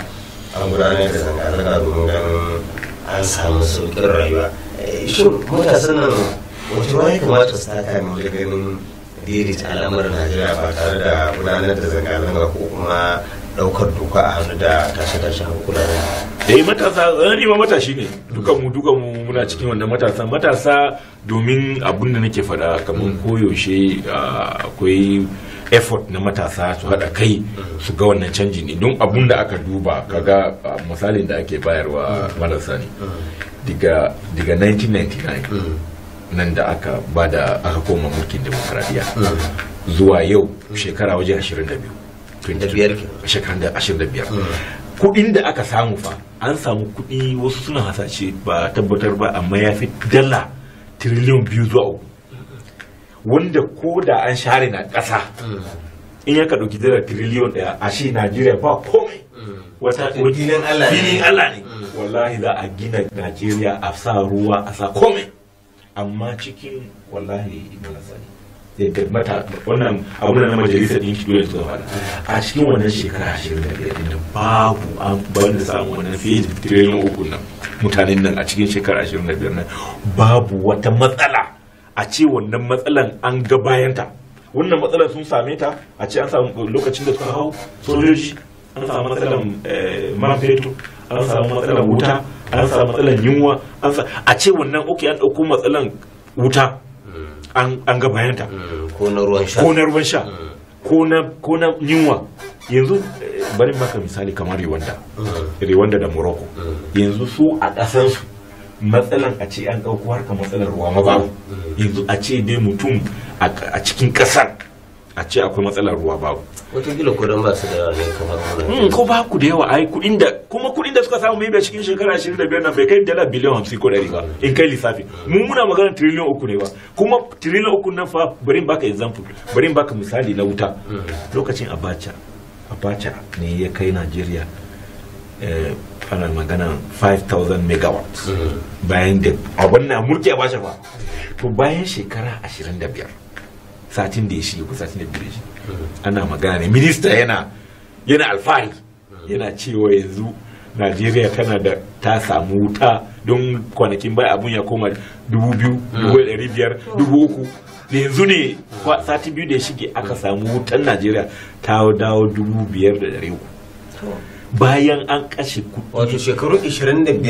an gudanar da zanga-zanga domin ganin an samu sauƙin rayuwa shin matasan nan wata ya kamata su taka mu wajen ganin daidaita al'amuran najeriya ba tare da gudanar da zanga-zanga ko kuma daukar doka a hannu da tashi tashi hankula da yi eh, matasa zan eh, ma matashi ne dukan mu dukan mu muna cikin wannan matasa matasa domin abin da nake fada kamar mm. koyaushe ah, akwai effort na matasa su haɗa kai mm. su ga wannan canji ne don abun da aka duba kaga ah, misalin da ake bayarwa mm. marasa ne daga 1999 nan da aka bada aka koma mulkin demokradiyya zuwa yau shekara waje 22 kudin hmm. da aka samu fa an samu kudi wasu suna hasashe ba tabbatar ba amma ya fi dala triliyon biyu zuwa uku wanda ko da an share na ƙasa hmm. in ya ka ɗauki dala triliyon ɗaya a shi najeriya ba komai hmm. wata filin allah ne wallahi za a gina najeriya a sa ruwa a sa komai amma cikin wallahi mana sani da mata wannan abu na majalisar ɗinki dole su faɗa a cikin wannan shekara ashirin da biyar da babu an ban da samun wannan fiye da tiriliyan uku nan mutanen nan a cikin shekara ashirin da biyar nan babu wata matsala a ce wannan matsalan an ga bayanta wannan matsalan sun same ta a ce an samu lokacin da suka hau sojoji an samu matsalan eh, man fetur an samu matsalan wuta an samu matsalan yunwa a ce wannan uku an ɗauko matsalan wuta an ga bayanta ko na ruwan sha ko na yunwa yanzu eh, bari maka misali kamar rwanda mm. da morocco mm. yanzu su a ƙasansu matsalan a ce an ɗauko harkar matsalar ruwa maza mm. yanzu a ce dai mutum a cikin ƙasar a ce akwai matsalar ruwa babu watakila kudin ba su da kamar hmm, ko ba ku da yawa ai kudin da kuma kudin da suka samu mai bai cikin shekara 25 na bai kai dala biliyan 50 ko ɗari ba in kai lissafi mu muna magana triliyan uku ne ba kuma triliyan uku nan fa bari baka example bari baka misali na wuta hmm. lokacin abacha abacha ne ya kai Najeriya eh, ana magana 5000 megawatts hmm. bayan da abin na mulki abacha ba to bayan shekara 25 satin da ya shige ko satin da shi mm. ana magana ne minista yana yana alfahari mm. yana cewa yanzu najeriya tana da ta samu wuta don kwanakin bai abun ya koma dubu biyu mm. dubu ɗari biyar dubu uku yanzu ne sati biyu da ya shige aka samu wutan najeriya ta dawo dubu biyar da uku bayan an kashe kudi wato shekaru 25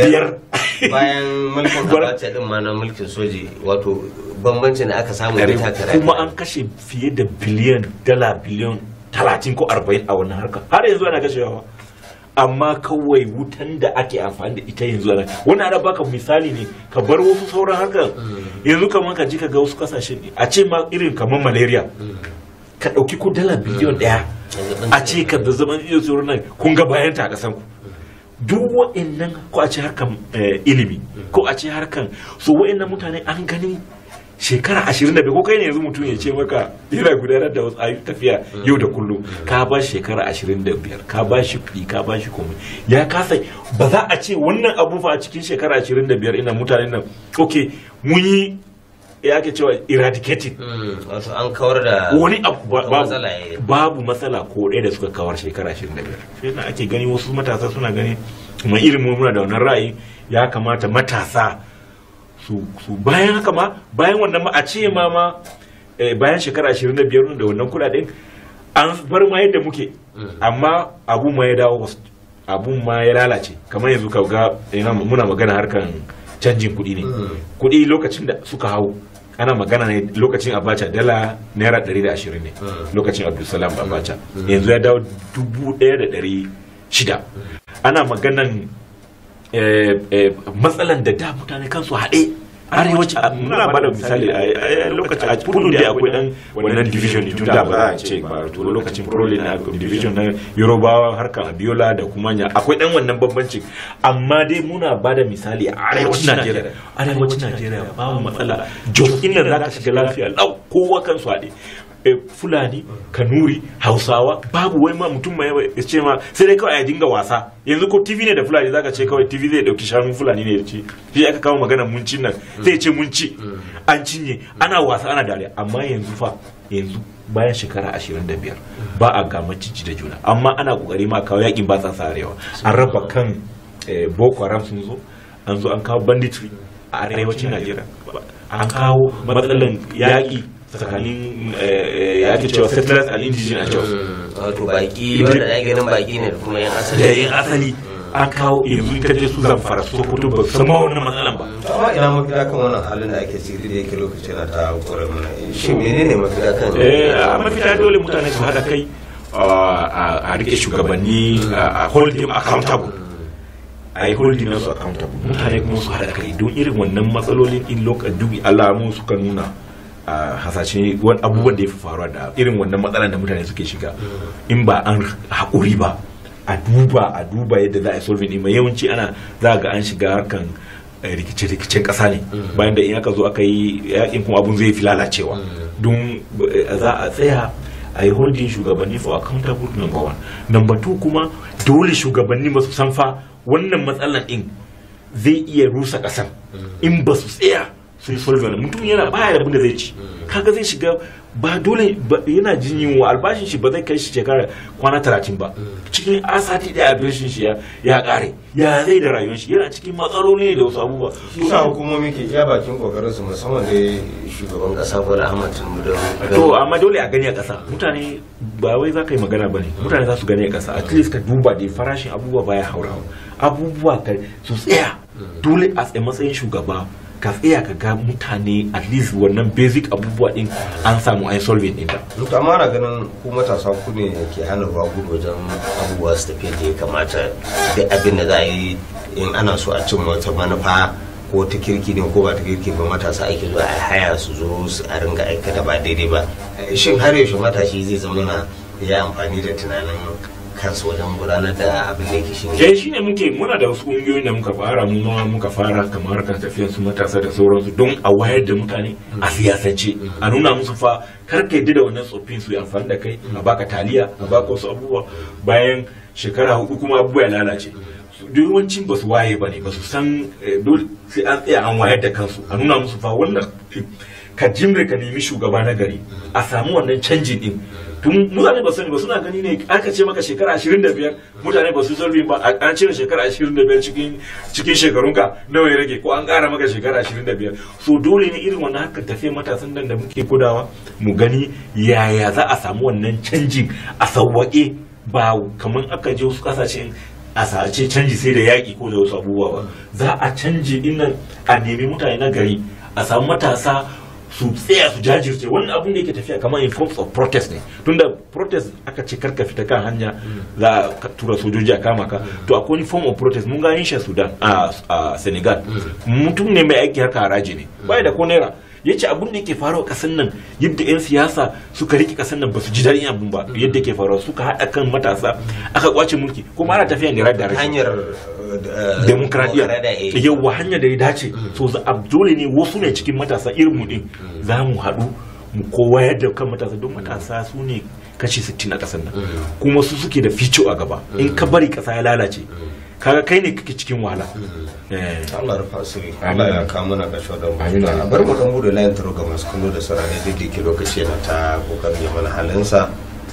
bayan mulkin abacha din ma na mulkin soji wato bambancin da aka samu da takara kuma an kashe fiye da biliyan dala biliyan 30 ko 40 a wannan harkar har yanzu ana kashewa amma kawai wutan da ake amfani da ita yanzu ana wani ana baka misali ne ka bar wasu sauran harkar mm. yanzu kamar ka ji ka ga wasu kasashe a ce ma irin kamar malaria mm. ka ɗauki ko dala biliyon hmm. ɗaya a ce ka da zaman iya tsoron nan kun ga bayan ta a ƙasan ku duk wa'annan ko a ce harkan eh, ilimi hmm. ko a ce harkan so wa'annan mutane an ganin shekara ashirin da ko kai ne yanzu mutum ya ce maka yana gudanar da wasu ayyukan tafiya hmm. yau da kullum ka ba shekara ashirin da biyar ka ba shi kuɗi ka ba shi komai ya kasa ba za a ce wannan abu fa a cikin shekara ashirin da biyar ina mutanen nan ok mun yi ya ake cewa eradicated hmm, wasu an kawar da wani abu eh. babu matsala ko ɗaya da suka kawar shekara 25 shi yana ake gani wasu matasa suna gani mai irin muna da wannan ra'ayi ya kamata matasa su bayan haka ma bayan wannan ma a ce ma ma eh, bayan shekara 25 da wannan kudaden an bar ma yadda muke hmm. amma abu ma ya dawo abun ma ya lalace kamar yanzu ka ga muna magana harkan canjin kuɗi ne hmm. kuɗi lokacin da suka hau ana magana ne lokacin abacha dala naira 120 ne hmm. lokacin abdulsalam hmm. abacha yanzu ya dawo shida ana maganan eh, eh, matsalan da da mutane kansu haɗe arewaci a nuna ba da misali a lokaci a kudu da akwai dan wannan division tun tunda ba za a ce ba to lokacin prole na division na yorubawa harkar abiola da kuma nya akwai dan wannan bambancin amma dai muna ba da misali a arewacin najeriya arewacin najeriya mu matsala jokin nan za ka shiga lafiya lau kowa kan su haɗe Eh, fulani kanuri hausawa babu wai ma mutum mai ce ma sai dai kawai a dinga wasa yanzu ko tv ne da fulani zaka ce kawai tv zai dauki shanun fulani ne ya ce shi aka kawo magana mun cin nan sai ce mun ci an cinye ana wasa ana dariya amma yanzu fa yanzu bayan shekara 25 ba a gama cici da juna amma ana kokari ma kawo yakin ba sa sarewa an raba kan eh, boko haram sun zo an zo an kawo banditry a arewacin najeriya an kawo matsalan yaƙi tsakanin eh, eh, ya ke cewa settlers and indigenous wato baki wanda da ganin baki ne da kuma yan asali da eh, yan asali an kawo yanzu ta je su fara su kutu ba su ma wannan matsalan ba amma ina mafita kan wannan halin da ake ciki da yake lokacin na ta kore mana shi menene mafita kan eh mafita dole mutane su hada kai ah, a rike shugabanni a hold them accountable a yi holding su accountable mutane kuma su hada kai don irin wannan matsalolin in lokacin dubi alamu suka nuna a hasashe abubuwan da ya fi faruwa da irin wannan matsalan da mutane suke shiga in ba an haƙuri ba a duba a duba yadda za a solving mai yawanci ana za ga an shiga kan eh, rikice-rikicen ƙasa ne bayan da in aka zo aka yi yakin kuma abun zai fi lalacewa don eh, za a tsaya a yi holding shugabanni for accountable number one number two kuma dole shugabanni ba su san fa wannan matsalan in zai iya rusa ƙasan in ba su tsaya sun solve mutum yana baya da bunda zai ci kaga zai shiga ba dole yana jin yunwa albashin shi ba zai kai shi shekara kwana talatin ba cikin asati da albashin shi ya kare ya zai da rayuwar shi yana cikin matsaloli da wasu abubuwa shi sa hukumomi ke iya bakin kokarin su musamman da shugaban kasa bola ahmad tinubu da to amma dole a gani a kasa mutane ba wai za ka yi magana ba ne mutane za su gani a kasa at least ka duba da farashin abubuwa baya haurawa abubuwa su tsaya dole a matsayin shugaba ka tsaya ka ga mutane at least wannan basic abubuwa din an samu an solving din ta duk amma na ganin ku matasa ku ne ke hana ruwa gudu wajen abubuwa su tafi da ya kamata da abin da za a yi in ana so a cin wata manufa ko ta kirki ne ko ba ta kirki ba matasa ake zuwa a haya su zo su a ringa aikata ba daidai ba shin har yaushe matashi zai zama na ya amfani da tunanin kansu wajen gudanar da abin da yake shi ne eh, shi ne muke muna da wasu ƙungiyoyin da muka fara mu ma muka fara kamar kan tafiyar su matasa da sauransu don a wayar da mutane a mm. siyasance mm. a nuna musu fa kar ka yadda da wannan tsoffin su amfani da kai a baka taliya a baka wasu abubuwa bayan shekara hudu kuma abubuwa ya lalace mm. yawancin ba su waye ba ne ba su san eh, dole sai an tsaya an wayar da kansu a nuna musu fa wannan ka jimre ka nemi shugaba na gari a samu wannan canji din tun mutane ba sani ba suna gani ne aka ce maka shekara biyar mutane ba su ba an cire shekara biyar cikin cikin shekarunka nawa ya rage ko an ƙara maka shekara biyar. so dole ne irin wannan hakan tafe matasan nan da muke gudawa mu gani yaya za a samu wannan canjin a sawake ba kamar aka je wasu ƙasashen a sace canji sai da yaƙi ko da wasu abubuwa ba za a canji dinnan a nemi mutane na gari a samu matasa su tsaya su jajirce wannan abin da yake tafiya kamar in forms of protest ne tunda protest aka ce karka fita kan hanya za a tura sojoji a kama ka to akwai wani form of protest mun gani shi sudan a senegal mutum ne mai aiki haka haraji ne bai da ko naira ya ce abin da yake faruwa kasan nan yadda 'yan siyasa suka rike kasan nan ba su ji daɗin abin ba yadda yake faruwa suka haɗa kan matasa aka kwace mulki kuma ana tafiya ne rashin hanyar demokradiyya yawa eh. hanya da ya dace so mm. za ah, dole ne wasu ne cikin matasa irin mu din mm. za mu haɗu mu kowa yadda kan matasa don matasa mm. su ne kashi 60 a ƙasar nan kuma su suke da fico a gaba in ka bari ƙasa ya lalace kaga kai ne kake cikin wahala eh. Allah rufa asiri Allah ya kawo mana kashe da mu bar mu dan gudu layin taro ga masu kallo da sarari duk da ke lokaci na ta kokarin ya mana halinsa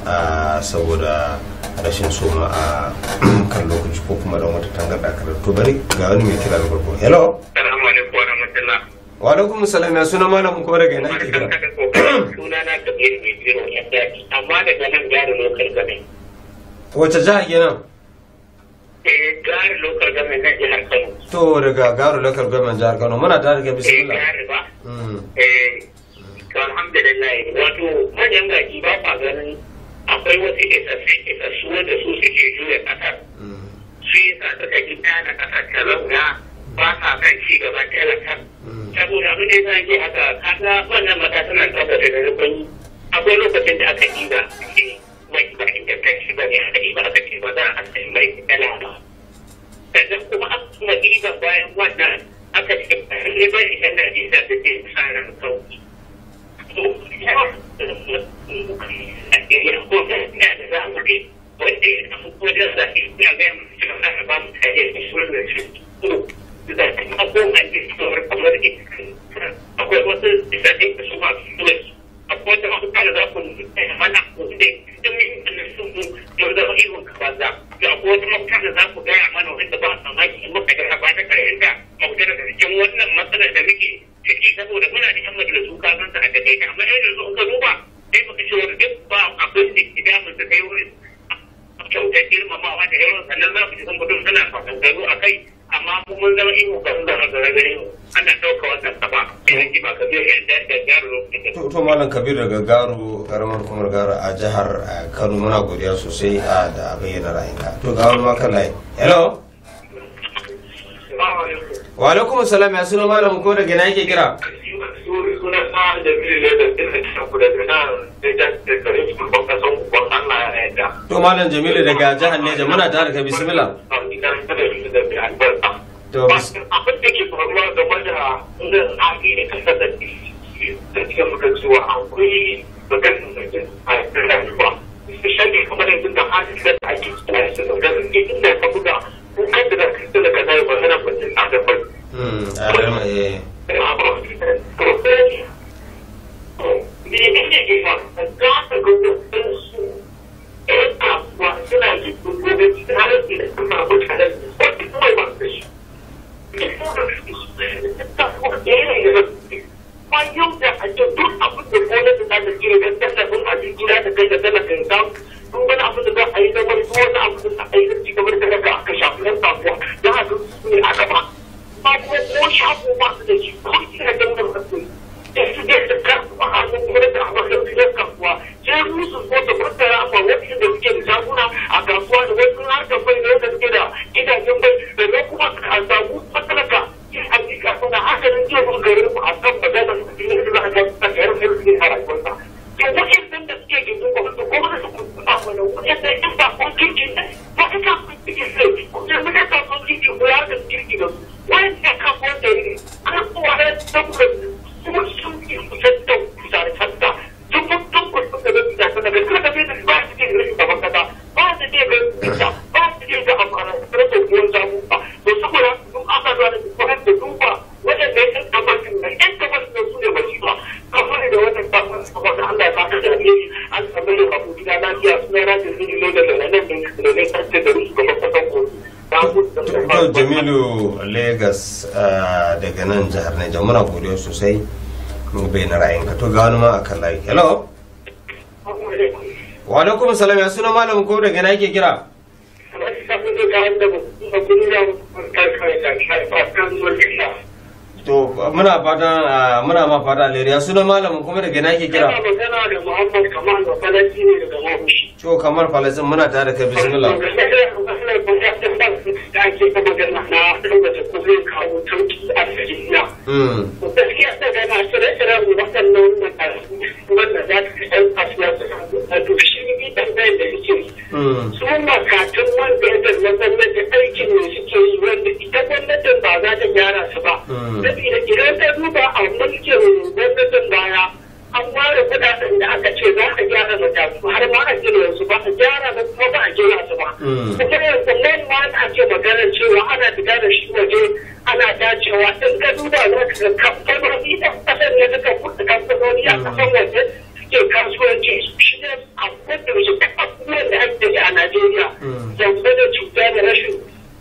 ah, saboda rashin soma a kan lokaci ko kuma don wata tangarda karar to bari ga wani mai kira da farko hello assalamu alaikum wa rahmatullah wa alaikum salam ya suna malamin ko daga ina ke kira suna na da mai biro ya dace amma daga nan gari lokal game wace jiha kenan eh gari lokal game na jihar Kano to daga gari lokal game jihar Kano muna da daga bismillah eh gari ba mm. eh to alhamdulillah wato manyan gaji ba fa ganin akwai wasu isassu wanda su suke juya ƙasar su yi sa suka ji na ƙasar ta zauna ba sa kan ci gaba talakar saboda abin da ya zaki haka kaga wannan suna ƙasar da na akwai lokacin da aka yi ba mai ba ingantacci ba ne aka yi ba aka ce ba za a san mai dala ba sannan kuma aka kuma ɗiban bayan wannan aka ce ba ne ba ne da isa da ke tsarin sauki akwai wasu da su masu akwai wata da za ku mana wanda da mai sun mu yau zama wata da za ku gaya mana wanda ba mamaki muka da ba ta karyar da mafuka daga cikin wannan matsalar da muke ciki saboda muna da yan majalisu sa a takaice amma yau da zo sai muka ce duk ba abin da kyau girmamawa da yawan sannan za ku ji sun suna fasantaru a kai amma mu mun zama ihu gare ana ɗauka wannan kafa irin ki ba kabir yadda da garo to malam kabir daga garo karamar kumar garo a jihar eh, kano muna godiya sosai a eh, da bayyana ra'ayinka to ga wani maka layi hello wa alaikum salam ya suna malam ko daga na yake kira suna sa da ina daga da Allah To Malam Jamilu daga jihar Neja muna tare ka bismillah. To abin da ke faruwa game da aki ne a rayuwa. kamar yanzu da ka buga yadda da kai da kaza ba mu ko daga na ke kira to muna fata muna ma fata alheri ya malamin kuma daga na ke kira da to kamar falanci muna tare da kai bismillah hmm. da ake na a gari na. Gaskiya ta gana shirye-shiryen waɗannan mutane wanda za ta fi ɗan kasuwa su samu a tambayar mm. da nake yi. Su makatun man gardar na gwamnati aikin ne suke yi wanda ita gwamnatin ba za ta gyara su ba. Mm. Saboda idan ta duba a mulkin gwamnatin baya an ware kuɗaɗen da aka ce za a gyara matatu har ma a gina wasu ba a gyara ba kuma ba a gina su ba. Mm. Kuma yanzu nan ma ake maganar cewa ana fita da shi waje ana dacewa in ka duba za ka ga kamfanoni ɗan ƙasar ne suka kuɗa kamfanoni a ƙasar waje. suke kasuwanci shi ne a kodayaushe kafafuwan da ake da a najeriya mm. zamba da cuta da rashin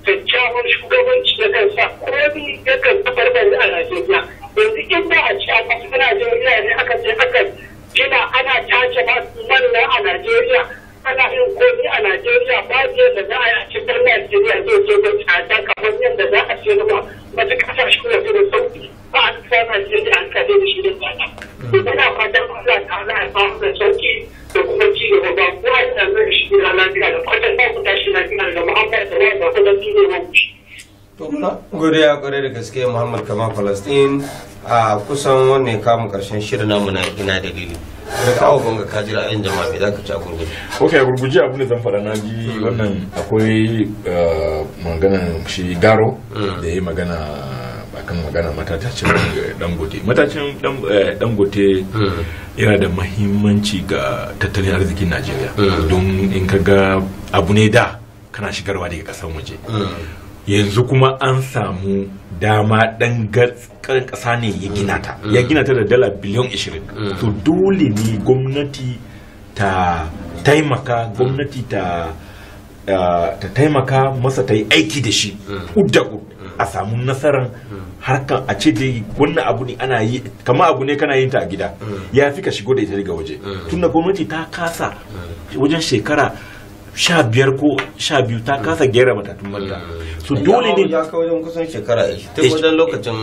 kyakkyawan shugabanci da kan sa komi ya kan kafar da a najeriya yanzu in ba a ci a kasar najeriya ne aka ce aka gina ana tace ba manna a najeriya ana yin komi a Najeriya ba da za a yi a cikin Najeriya zai ce da tsada kamar yadda za a ce ba wasu kasashen da da sauki ba a cikin Najeriya an kaɗe da shi da tsada. Muna fatan Allah ta za a samu da sauki da kuma ci gaba ba kowa yana zai shi da lafiya da kwatan ba ku tashi lafiya da mu'amala da wani da kuma ci gaba. to kwarai da gaske muhammad kama palestine a kusan wanne ya kama karshen shirin namu na ina dalili da kawo gonga ka jira ayin jama'a me zaka ci a gurguje ok a gurguje abin zan faɗa na ji hmm. wannan akwai eh, magana shi garo hmm. da ya yi magana akan magana matacin dangote matacin eh, dangote hmm. yana da mahimmanci ga tattalin arzikin najeriya don in ka ga abu ne da kana shigarwa daga kasar waje yanzu kuma an samu dama dan ƙasa ne ya gina ta mm. ya mm. gina ta da dala biliyan 20 mm. to dole ne gwamnati ta taimaka gwamnati ta ah, ta taimaka masa ta yi aiki da shi da a samu nasarar harkar a ce dai wannan abu ne ana yi kama abu ne kana yin ta a gida ya fi ka shigo da ita daga waje tunda gwamnati ta kasa wajen shekara sha biyar ko sha biyu ta kasa gera matatun manta su dole ne ya kawo wajen kusan shekara ta wajen lokacin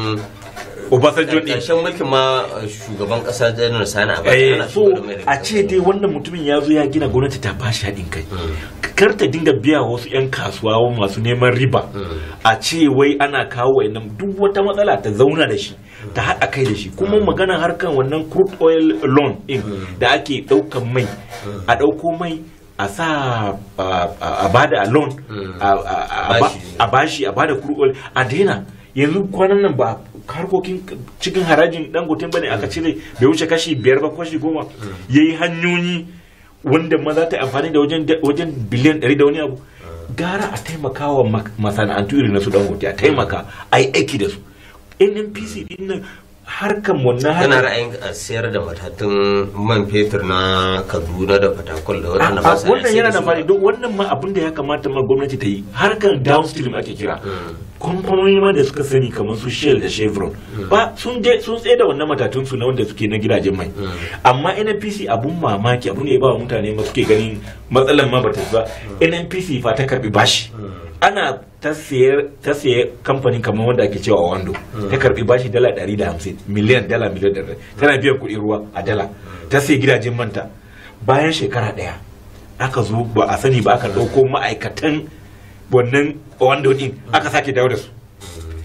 obasanjo ne ƙarshen mulkin ma uh, shugaban ƙasa janar sani abacha eh, so a ce dai wannan mutumin ya zo ya gina gwamnati ta ba shi haɗin kai hmm. kar ta dinga biya wasu 'yan kasuwa masu neman riba hmm. a ce wai ana kawo wa'annan duk wata matsala ta zauna da shi ta haɗa kai da shi kuma hmm. magana harkan wannan crude oil loan da ake ɗaukan mai a ɗauko mai a sa a bada a loan mm. a bashi a bada kurkul a daina yanzu kwanan nan ba harkokin cikin harajin dangoten bane aka mm. cire bai wuce kashi biyar ba kashi goma mm. ya yi hanyoyi wanda za ta amfani da wajen biliyan ɗari da wani abu gara a taimaka wa masana'antu irin na su dangote a taimaka a yi aiki da su nnpc din nan harkar wannan na kana ra'ayin a sayar da matatun man fetur na Kaduna da Fatakol da wannan ba wannan yana da faɗi don wannan ma abin da ya kamata ma gwamnati ta yi harkar downstream ake kira hmm. kamfanoni ma da suka sani kamar su Shell da Chevron hmm. ba sun je sun tsaye da wannan matatun su na wanda suke na gidajen mai hmm. amma NNPC abun mamaki abun da ya ba mutane ma suke ganin matsalar ma ba ta ba npc fa ta karbi bashi ana ta siye kamfani kamar wanda ake cewa wando hmm. ta karbi bashi dala 150 miliyan dala miliyan dala tana biyan kuɗi ruwa a dala ta siye gidajen manta bayan shekara ɗaya aka zo ba a sani ba aka ɗauko ma'aikatan wannan wando din aka sake dawo da su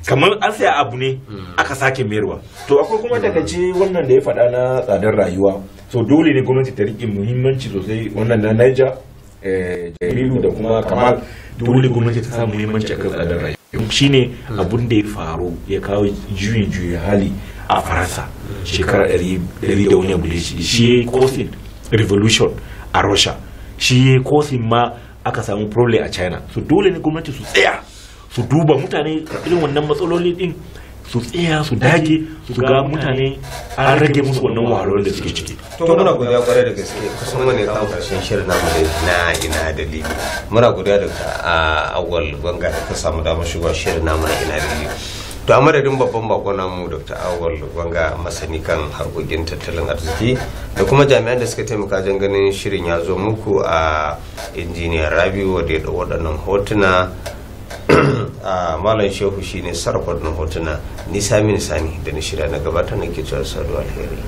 kamar an saya abu ne hmm. aka sake mayarwa to akwai kuma daga ce hmm. wannan da ya faɗa na tsadar rayuwa so dole ne gwamnati ta riƙe muhimmanci sosai wannan na niger Eh, jarilu da kuma kamar dole gwamnati ta samu muhimmanci akan tsadar rayuwa shine abun da ya faru ya kawo juyin juyin hali a faransa shekarar 100 da shi ya kosin revolution a russia shi ya kosin ma aka samu problem a china su dole ne gwamnati su tsaya su duba mutane irin wannan matsaloli din su tsaya su dage su ga mutane an rage musu wannan wahalar da suke ciki to muna godiya kwarai da gaske kusan wani ya kawo karshen shirin namu da na ina dalili muna godiya da a awal gwanga da ka samu damar shigo shirin namu na ina dalili to a madadin babban bako namu dr awal wanga masani kan harkokin tattalin arziki da kuma jami'an da suka taimaka jan ganin shirin ya zo muku a injiniyar rabi wadda ya waɗannan hotuna a ah, malam shehu shine sarrafa na hotuna ni sami sani da na shirya na na nake cewa sadu alheri